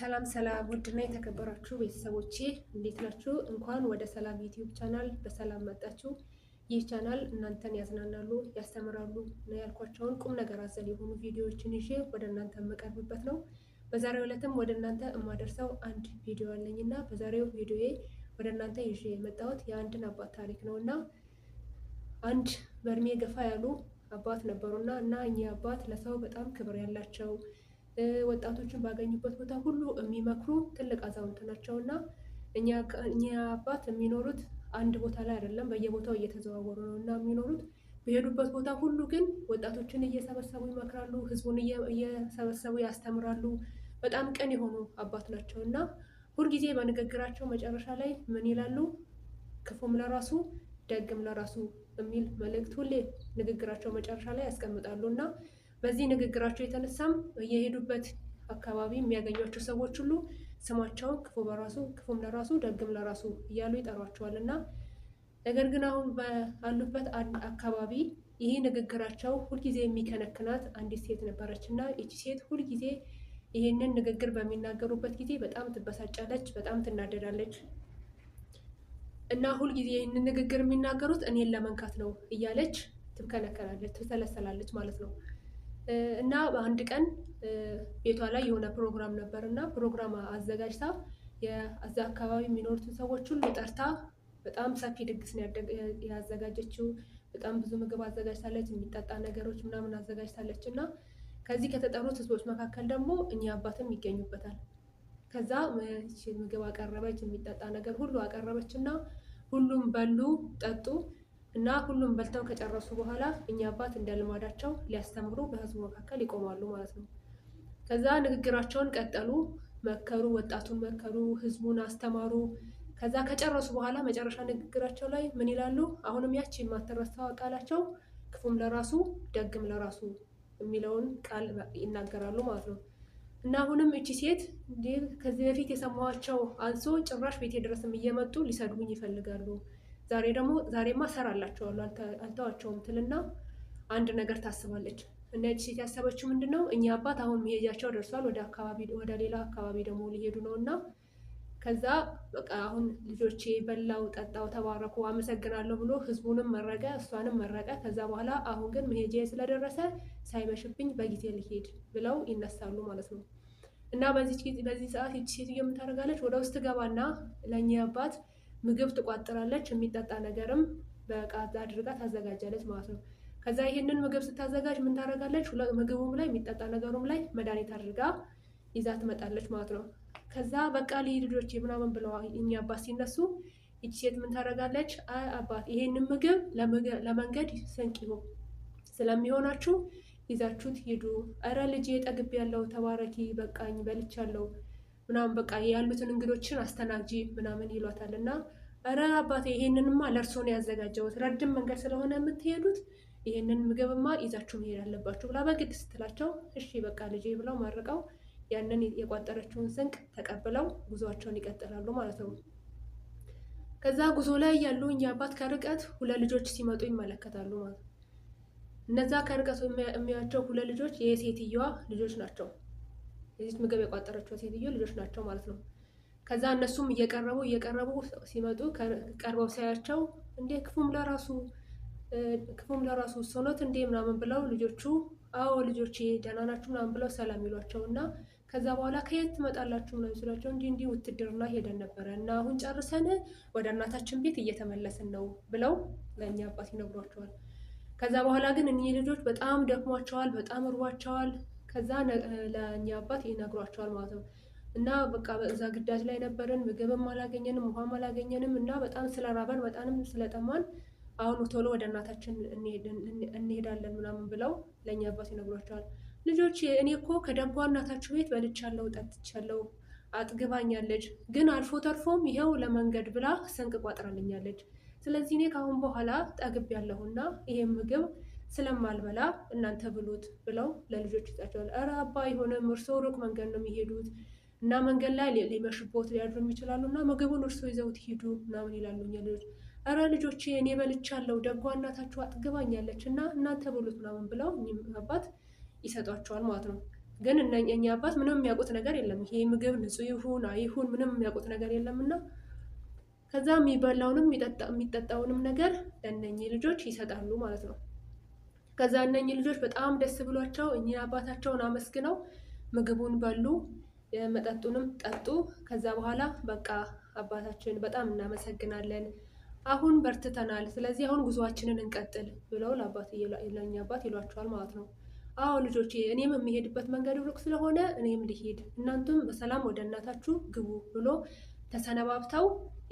ሰላም ሰላም፣ ውድና የተከበራችሁ ቤተሰቦቼ እንዴት ናችሁ? እንኳን ወደ ሰላም ዩቲዩብ ቻናል በሰላም መጣችሁ። ይህ ቻናል እናንተን ያዝናናሉ፣ ያስተምራሉ እና ያልኳቸውን ቁም ነገር አዘል የሆኑ ቪዲዮዎችን ይዤ ወደ እናንተ የምቀርብበት ነው። በዛሬው ዕለትም ወደ እናንተ የማደርሰው አንድ ቪዲዮ እና በዛሬው ቪዲዮዬ ወደ እናንተ ይዤ የመጣሁት የአንድን አባት ታሪክ ነው እና አንድ በእድሜ ገፋ ያሉ አባት ነበሩና እና እኚህ አባት ለሰው በጣም ክብር ያላቸው ወጣቶችን ባገኙበት ቦታ ሁሉ የሚመክሩ ትልቅ አዛውንት ናቸው እና እኛ አባት የሚኖሩት አንድ ቦታ ላይ አይደለም፣ በየቦታው እየተዘዋወሩ ነው እና የሚኖሩት በሄዱበት ቦታ ሁሉ ግን ወጣቶችን እየሰበሰቡ ይመክራሉ፣ ህዝቡን እየሰበሰቡ ያስተምራሉ። በጣም ቅን የሆኑ አባት ናቸው እና ሁልጊዜ በንግግራቸው መጨረሻ ላይ ምን ይላሉ? ክፉም ለራሱ ደግም ለራሱ የሚል መልእክት ሁሌ ንግግራቸው መጨረሻ ላይ ያስቀምጣሉ እና በዚህ ንግግራቸው የተነሳም የሄዱበት አካባቢ የሚያገኟቸው ሰዎች ሁሉ ስማቸውን ክፉ በራሱ ክፉም ለራሱ ደግም ለራሱ እያሉ ይጠሯቸዋል እና ነገር ግን አሁን ባሉበት አካባቢ ይህ ንግግራቸው ሁልጊዜ የሚከነክናት አንዲት ሴት ነበረች እና ይቺ ሴት ሁልጊዜ ይህንን ንግግር በሚናገሩበት ጊዜ በጣም ትበሳጫለች፣ በጣም ትናደዳለች እና ሁልጊዜ ይህንን ንግግር የሚናገሩት እኔን ለመንካት ነው እያለች ትብከነከናለች፣ ትሰለሰላለች ማለት ነው። እና በአንድ ቀን ቤቷ ላይ የሆነ ፕሮግራም ነበር እና ፕሮግራም አዘጋጅታ የዛ አካባቢ የሚኖሩትን ሰዎች ሁሉ ጠርታ በጣም ሰፊ ድግስ ነው ያዘጋጀችው። በጣም ብዙ ምግብ አዘጋጅታለች፣ የሚጠጣ ነገሮች ምናምን አዘጋጅታለች። እና ከዚህ ከተጠሩት ህዝቦች መካከል ደግሞ እኛ አባትም ይገኙበታል። ከዛ ምግብ አቀረበች፣ የሚጠጣ ነገር ሁሉ አቀረበች እና ሁሉም በሉ ጠጡ። እና ሁሉም በልተው ከጨረሱ በኋላ እኛ አባት እንደ ልማዳቸው ሊያስተምሩ በህዝቡ መካከል ይቆማሉ ማለት ነው። ከዛ ንግግራቸውን ቀጠሉ፣ መከሩ፣ ወጣቱን መከሩ፣ ህዝቡን አስተማሩ። ከዛ ከጨረሱ በኋላ መጨረሻ ንግግራቸው ላይ ምን ይላሉ? አሁንም ያቺ የማትረሳዋ ቃላቸው ክፉም ለራሱ ደግም ለራሱ የሚለውን ቃል ይናገራሉ ማለት ነው። እና አሁንም እቺ ሴት ከዚህ በፊት የሰማኋቸው አንሶ ጭራሽ ቤቴ ድረስም እየመጡ ሊሰድቡኝ ይፈልጋሉ ዛሬ ደግሞ ዛሬማ እሰራላቸዋለሁ አልተዋቸውም ትልና አንድ ነገር ታስባለች እና ሴት ያሰበችው ምንድን ነው እኛ አባት አሁን መሄጃቸው ደርሷል፣ ወደ አካባቢ ወደ ሌላ አካባቢ ደግሞ ሊሄዱ ነው እና ከዛ በቃ አሁን ልጆቼ በላው፣ ጠጣው፣ ተባረኩ፣ አመሰግናለሁ ብሎ ህዝቡንም መረቀ፣ እሷንም መረቀ። ከዛ በኋላ አሁን ግን መሄጃ ስለደረሰ ሳይመሽብኝ በጊዜ ልሄድ ብለው ይነሳሉ ማለት ነው እና በዚህ ሰዓት ይቺ ሴትዮ የምታደርጋለች ወደ ውስጥ ገባና ለእኛ አባት ምግብ ትቋጥራለች፣ የሚጠጣ ነገርም በቃ አድርጋ ታዘጋጃለች ማለት ነው። ከዛ ይህንን ምግብ ስታዘጋጅ ምን ታደርጋለች? ምግቡም ላይ የሚጠጣ ነገሩም ላይ መድኃኒት አድርጋ ይዛ ትመጣለች ማለት ነው። ከዛ በቃ ልሂድ ልጆች ምናምን ብለዋ እኛ አባት ሲነሱ ይቺ ሴት ምን ታደርጋለች? አባት ይሄንን ምግብ ለመንገድ ስንቅ ይሁን ስለሚሆናችሁ ይዛችሁት ሂዱ። እረ ልጄ ጠግቤ ያለው ተባረኪ፣ በቃኝ፣ በልቻለሁ ምናምን በቃ ያሉትን እንግዶችን አስተናግጂ ምናምን ይሏታል። እና እረ አባቴ ይሄንንማ ለእርሶ ነው ያዘጋጀሁት፣ ረጅም መንገድ ስለሆነ የምትሄዱት ይሄንን ምግብማ ይዛችሁ መሄድ አለባችሁ ብላ በግድ ስትላቸው እሺ በቃ ልጄ ብለው ማርቀው ያንን የቋጠረችውን ስንቅ ተቀብለው ጉዞቸውን ይቀጥላሉ ማለት ነው። ከዛ ጉዞ ላይ ያሉ እኛ አባት ከርቀት ሁለት ልጆች ሲመጡ ይመለከታሉ ማለት ነው። እነዛ ከርቀቱ የሚያቸው ሁለት ልጆች የሴትየዋ ልጆች ናቸው። የዚች ምግብ የቋጠረችው ሴትዮ ልጆች ናቸው ማለት ነው። ከዛ እነሱም እየቀረቡ እየቀረቡ ሲመጡ ቀርበው ሲያያቸው እንዴ ክፉም ለራሱ ክፉም ለራሱ ሰውነት እንዴ ምናምን ብለው ልጆቹ አዎ ልጆቼ ደህና ናችሁ ምናምን ብለው ሰላም ይሏቸው እና ከዛ በኋላ ከየት ትመጣላችሁ ምናምን ሲሏቸው እንዲህ እንዲህ ውትድርና ሄደን ነበረ እና አሁን ጨርሰን ወደ እናታችን ቤት እየተመለስን ነው ብለው ለእኛ አባት ይነግሯቸዋል። ከዛ በኋላ ግን እኒህ ልጆች በጣም ደክሟቸዋል፣ በጣም እርቧቸዋል። ከዛ ለእኛ አባት ይነግሯቸዋል ማለት ነው። እና በቃ በዛ ግዳጅ ላይ ነበርን። ምግብም አላገኘንም፣ ውሃም አላገኘንም። እና በጣም ስለራበን በጣም ስለጠማን አሁን ቶሎ ወደ እናታችን እንሄዳለን ምናምን ብለው ለእኛ አባት ይነግሯቸዋል። ልጆች እኔ እኮ ከደጓ እናታችሁ ቤት በልቻለሁ፣ ጠጥቻለሁ፣ አጥግባኛለች። ግን አልፎ ተርፎም ይኸው ለመንገድ ብላ ስንቅ ቋጥራልኛለች። ስለዚህ እኔ ከአሁን በኋላ ጠግብ ያለሁና ይሄ ምግብ ስለማልበላ እናንተ ብሉት ብለው ለልጆች ይዛቸዋል። እረ አባ የሆነም እርስዎ ሩቅ መንገድ ነው የሚሄዱት እና መንገድ ላይ ሊመሽቦት ሊያድሩም ይችላሉ እና ምግቡን እርሶ ይዘውት ሂዱ ምናምን ይላሉ ልጆች። እረ ልጆቼ እኔ በልቻለሁ፣ ደጓ እናታችሁ አጥግባኛለች እና እናንተ ብሉት ምናምን ብለው አባት ይሰጧቸዋል ማለት ነው። ግን እኛ አባት ምንም የሚያውቁት ነገር የለም። ይሄ ምግብ ንጹሕ ይሁን አይሁን ምንም የሚያውቁት ነገር የለም እና ከዛ የሚበላውንም የሚጠጣውንም ነገር ለነኝ ልጆች ይሰጣሉ ማለት ነው። ከዛ እነኚህ ልጆች በጣም ደስ ብሏቸው እኚህ አባታቸውን አመስግነው ምግቡን በሉ፣ መጠጡንም ጠጡ። ከዛ በኋላ በቃ አባታችን በጣም እናመሰግናለን፣ አሁን በርትተናል፣ ስለዚህ አሁን ጉዞአችንን እንቀጥል ብለው ለአባት ለእኛ አባት ይሏቸዋል ማለት ነው። አዎ ልጆች እኔም የሚሄድበት መንገድ ሩቅ ስለሆነ እኔም ልሄድ፣ እናንቱም በሰላም ወደ እናታችሁ ግቡ ብሎ ተሰነባብተው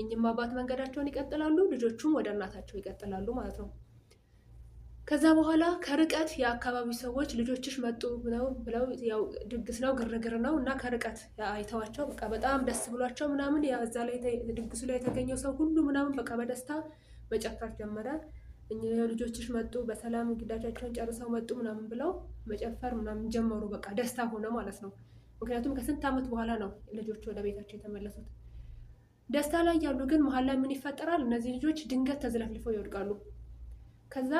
እኝም አባት መንገዳቸውን ይቀጥላሉ፣ ልጆቹም ወደ እናታቸው ይቀጥላሉ ማለት ነው። ከዛ በኋላ ከርቀት የአካባቢ ሰዎች ልጆችሽ መጡ ብለው ብለው ያው ድግስ ነው ግርግር ነው እና ከርቀት አይተዋቸው በቃ በጣም ደስ ብሏቸው ምናምን እዛ ላይ ድግሱ ላይ የተገኘው ሰው ሁሉ ምናምን በቃ በደስታ መጨፈር ጀመረ። ልጆችሽ መጡ በሰላም ግዳጃቸውን ጨርሰው መጡ ምናምን ብለው መጨፈር ምናምን ጀመሩ። በቃ ደስታ ሆነ ማለት ነው። ምክንያቱም ከስንት ዓመት በኋላ ነው ልጆች ወደ ቤታቸው የተመለሱት። ደስታ ላይ ያሉ ግን መሀል ላይ ምን ይፈጠራል? እነዚህ ልጆች ድንገት ተዝለፍልፈው ይወድቃሉ። ከዛ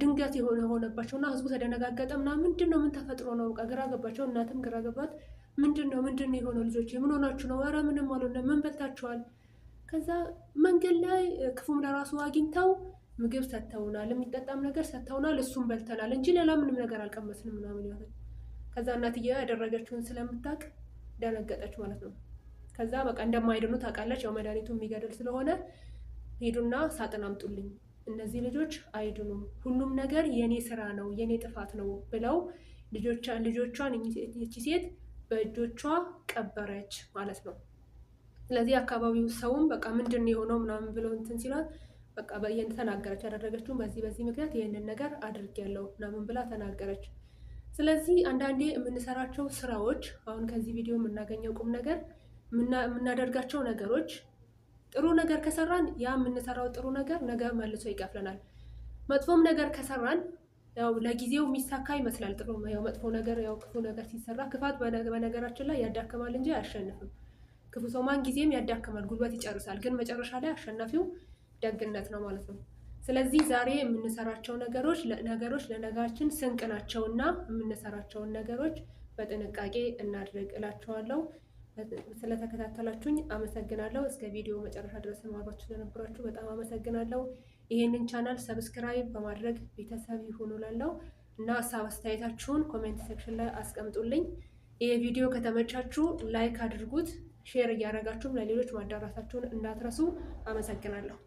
ድንገት የሆነ እና ህዝቡ ተደነጋገጠ ምናምን። ምንድን ነው ምን ተፈጥሮ ነው? በቃ ግራ ገባቸው። እናትም ግራ ገባት። ምንድን ነው ምንድን ነው የሆነው? ልጆች ምን ሆናችሁ ነው? ኧረ ምንም አልሆነ። ምን በልታችኋል? ከዛ መንገድ ላይ ክፉም ለራሱ አግኝተው ምግብ ሰጥተውናል፣ የሚጠጣም ነገር ሰጥተውናል። እሱም በልተናል እንጂ ሌላ ምንም ነገር አልቀመስንም ምናምን ያለ ከዛ እናትዬ ያደረገችውን ስለምታውቅ ደነገጠች ማለት ነው። ከዛ በቃ እንደማይድኑ ታውቃለች። ያው መድኃኒቱ የሚገድል ስለሆነ ሄዱና ሳጥን አምጡልኝ እነዚህ ልጆች አይድኑም፣ ሁሉም ነገር የኔ ስራ ነው፣ የኔ ጥፋት ነው ብለው ልጆቿን ይቺ ሴት በእጆቿ ቀበረች ማለት ነው። ስለዚህ አካባቢው ሰውም በቃ ምንድን ነው የሆነው ምናምን ብለው እንትን ሲሏት በቃ በየን ተናገረች። ያደረገችው በዚህ በዚህ ምክንያት ይህንን ነገር አድርጌያለሁ ምናምን ብላ ተናገረች። ስለዚህ አንዳንዴ የምንሰራቸው ስራዎች አሁን ከዚህ ቪዲዮ የምናገኘው ቁም ነገር የምናደርጋቸው ነገሮች ጥሩ ነገር ከሰራን ያ የምንሰራው ጥሩ ነገር ነገ መልሶ ይከፍለናል። መጥፎም ነገር ከሰራን ያው ለጊዜው የሚሳካ ይመስላል። ጥሩ ያው መጥፎ ነገር ያው ክፉ ነገር ሲሰራ ክፋት በነገራችን ላይ ያዳክማል እንጂ አያሸንፍም። ክፉ ሰው ማን ጊዜም ያዳክማል፣ ጉልበት ይጨርሳል። ግን መጨረሻ ላይ አሸናፊው ደግነት ነው ማለት ነው። ስለዚህ ዛሬ የምንሰራቸው ነገሮች ነገሮች ለነጋችን ስንቅ ናቸውና የምንሰራቸውን ነገሮች በጥንቃቄ እናድርግ እላቸዋለሁ። ስለተከታተላችሁኝ አመሰግናለሁ። እስከ ቪዲዮ መጨረሻ ድረስ ማሯችሁ ስለነበራችሁ በጣም አመሰግናለሁ። ይህንን ቻናል ሰብስክራይብ በማድረግ ቤተሰብ ይሁኑ ላለው እና ሀሳብ አስተያየታችሁን ኮሜንት ሴክሽን ላይ አስቀምጡልኝ። ይህ ቪዲዮ ከተመቻችሁ ላይክ አድርጉት፣ ሼር እያደረጋችሁም ለሌሎች ማዳራታችሁን እንዳትረሱ። አመሰግናለሁ።